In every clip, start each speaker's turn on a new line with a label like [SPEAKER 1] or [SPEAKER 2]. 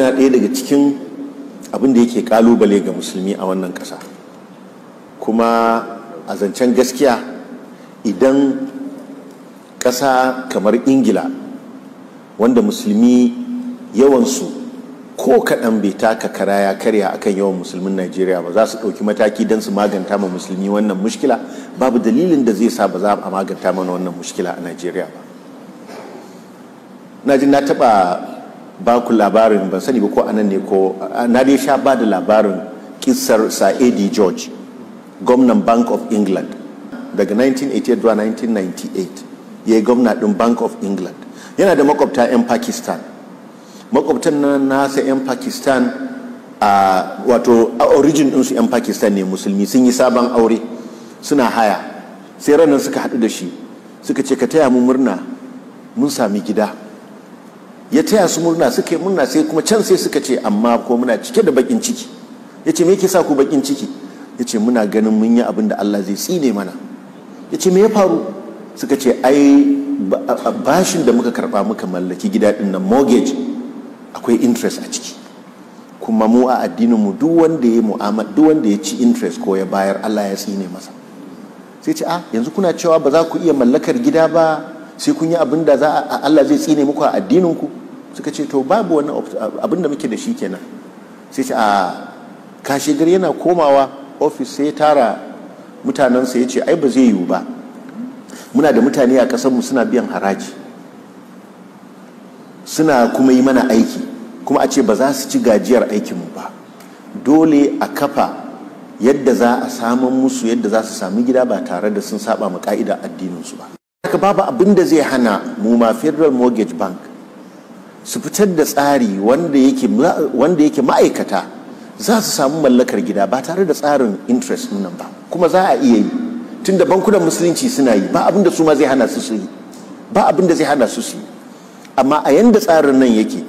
[SPEAKER 1] wannan yana ɗaya daga cikin abin da yake kalubale ga musulmi a wannan ƙasa kuma a zancen gaskiya idan ƙasa kamar ingila wanda musulmi yawansu ko kaɗan bai taka kara ya karya akan yawan musulmin najeriya ba za su ɗauki mataki don su maganta ma musulmi wannan mushkila babu dalilin da zai sa ba za a maganta mana wannan mushkila a najeriya ba na na taɓa ba ku labarin ban sani ba ko anan ne ko na dai sha ba da labarin kisar sa'edi george gwamnan bank of england daga 1988 zuwa 1998 ya yi gwamna ɗin bank of england yana da makwabta 'yan pakistan makwabtan na nasa 'yan pakistan a wato a origin ɗinsu 'yan pakistan ne musulmi sun yi sabon aure suna haya sai ranar suka haɗu da shi suka ce ka taya mu murna mun sami gida ya taya su murna suka yi murna sai kuma can sai suka ce amma ko muna cike da bakin ciki ya ce me yake sa ku bakin ciki ya ce muna ganin mun yi abin da Allah zai tsine mana ya ce me ya faru suka ce ai bashin da muka karba muka mallaki gida din nan mortgage akwai interest a ciki kuma mu a addinin mu duk wanda ya mu'amala duk wanda ya ci interest ko ya bayar Allah ya tsine masa sai ce a yanzu kuna cewa ba za ku iya mallakar gida ba sai kun yi abin da za a Allah zai tsine muku a addinin ku suka ce to babu wani abin da muke da shi kenan sai ce a kashe gari yana komawa ofis sai ya tara mutanensa ya ce ai ba zai yiwu ba muna da mutane a ƙasarmu suna biyan haraji suna kuma yi mana aiki kuma a ce ba za su ci gajiyar aikinmu ba dole a kafa yadda za a samun musu yadda za su sami gida ba tare da sun saba ma ka'ida addininsu ba haka babu abin da zai hana mu ma federal mortgage bank su fitar da tsari wanda yake ma'aikata za su samu mallakar gida ba tare da tsarin interest nan ba kuma za a iya yi tunda bankunan musulunci suna yi ba abin da su ma zai hana su su yi ba abin da zai hana su su yi amma a yanda tsarin nan yake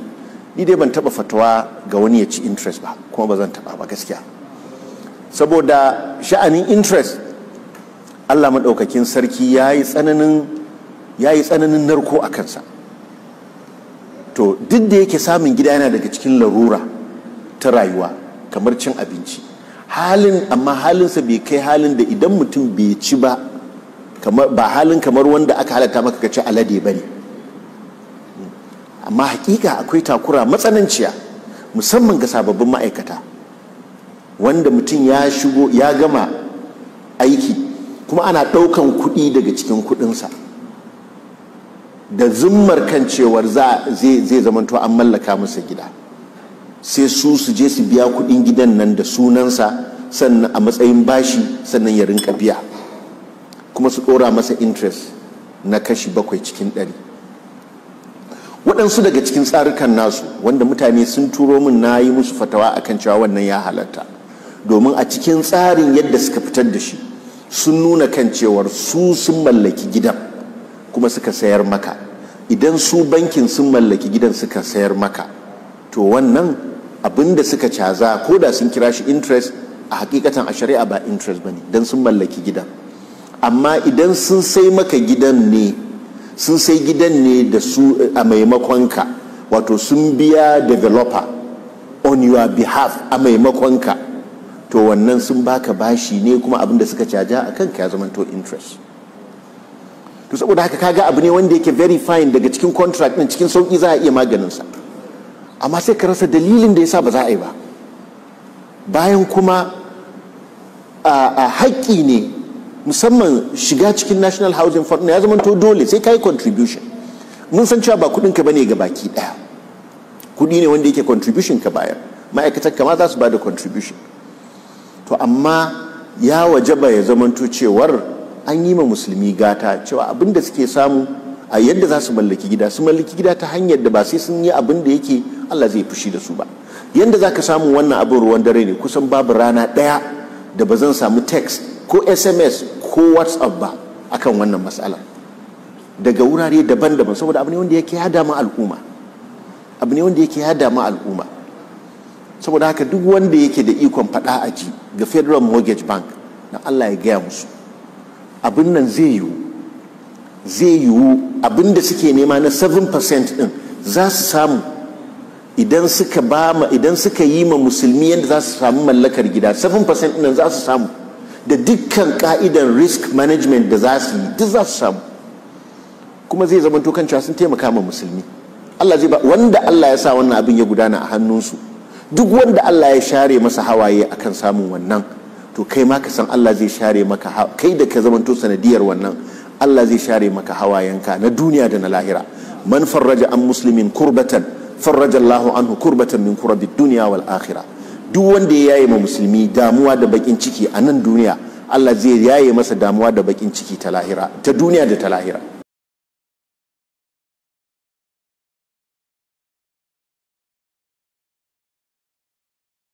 [SPEAKER 1] ni dai ban taba fatawa ga wani ya ci interest ba kuma ba zan taba ba gaskiya saboda sha'anin interest Allah maɗaukakin sarki ya yi tsananin narko a kansa to duk da yake samun gida yana daga cikin larura ta rayuwa kamar cin abinci halin amma halinsa bai kai halin da idan mutum bai ci ba ba halin kamar wanda aka halatta maka ka ci alade ba ne amma hakika akwai takura matsananciya musamman ga sababbin ma'aikata wanda mutum ya shigo ya gama aiki kuma ana ɗaukan kuɗi daga cikin kuɗinsa da zummar kan cewar zai zamanto an mallaka masa gida sai su su je su biya kudin gidan nan da sunansa sannan a matsayin bashi sannan ya rinka biya kuma su dora masa interest na kashi bakwai cikin ɗari waɗansu daga cikin tsarukan nasu wanda mutane sun turo min na yi musu fatawa a kan cewa wannan ya halatta domin a cikin tsarin yadda suka fitar da shi sun nuna kan cewar su sun mallaki gidan kuma suka sayar maka idan su bankin sun mallaki gidan suka sayar maka to wannan abin da suka caza ko da sun kira shi interest a hakikatan a shari'a ba interest bane dan sun mallaki gidan amma idan sun sai maka gidan ne sun sai gidan ne da su eh, a maimakonka wato sun biya developer on your behalf a maimakonka to wannan sun baka bashi ne kuma abin da suka caja a kanka ya zama to interest to saboda haka kaga abu ne wanda yake very fine daga cikin contract din cikin sauki za a iya maganin sa amma sai ka rasa dalilin da yasa ba za a yi ba bayan kuma a haƙƙi ne musamman shiga cikin national housing fund ne ya zama to dole sai ka yi contribution mun san cewa ba kuɗin ka bane ga baki ɗaya kuɗi ne wanda yake contribution ka bayar ma'aikatar kama za su ba contribution to amma ya wajaba ya zamanto cewar an yi ma musulmi gata cewa abin da suke samu a yadda za su mallaki gida su mallaki gida ta hanyar da ba sai sun yi abin da yake Allah zai fushi da su ba yadda za ka samu wannan abin ruwan dare ne kusan babu rana ɗaya da ba zan samu text ko sms ko whatsapp ba akan wannan matsala daga wurare daban-daban saboda abu ne wanda yake ya dama al'umma abu ne wanda yake ya dama al'umma saboda haka duk wanda yake da ikon faɗa a ji ga federal mortgage bank na allah ya gaya musu abin nan zai yiwu zai yiwu abin da suke nema na 7% din za su samu idan suka ba ma idan suka yi ma musulmi yadda za su samu mallakar gida 7% din za su samu da dukkan ka'idan risk management da za su yi duk za su samu kuma zai zama to cewa sun taimaka ma musulmi Allah zai ba wanda Allah ya sa wannan abin ya gudana a hannunsu duk wanda Allah ya share masa hawaye akan samun wannan to kai ma ka san Allah zai share maka kai da ka zamanto sanadiyar wannan Allah zai share maka hawayenka na duniya da na lahira man farraja an muslimin kurbatan farraja Allah anhu kurbatan min kurabi duniya wal akhira duk wanda ya yaye ma musulmi damuwa da bakin ciki a nan duniya Allah zai yaye masa damuwa da bakin ciki ta lahira ta duniya da ta lahira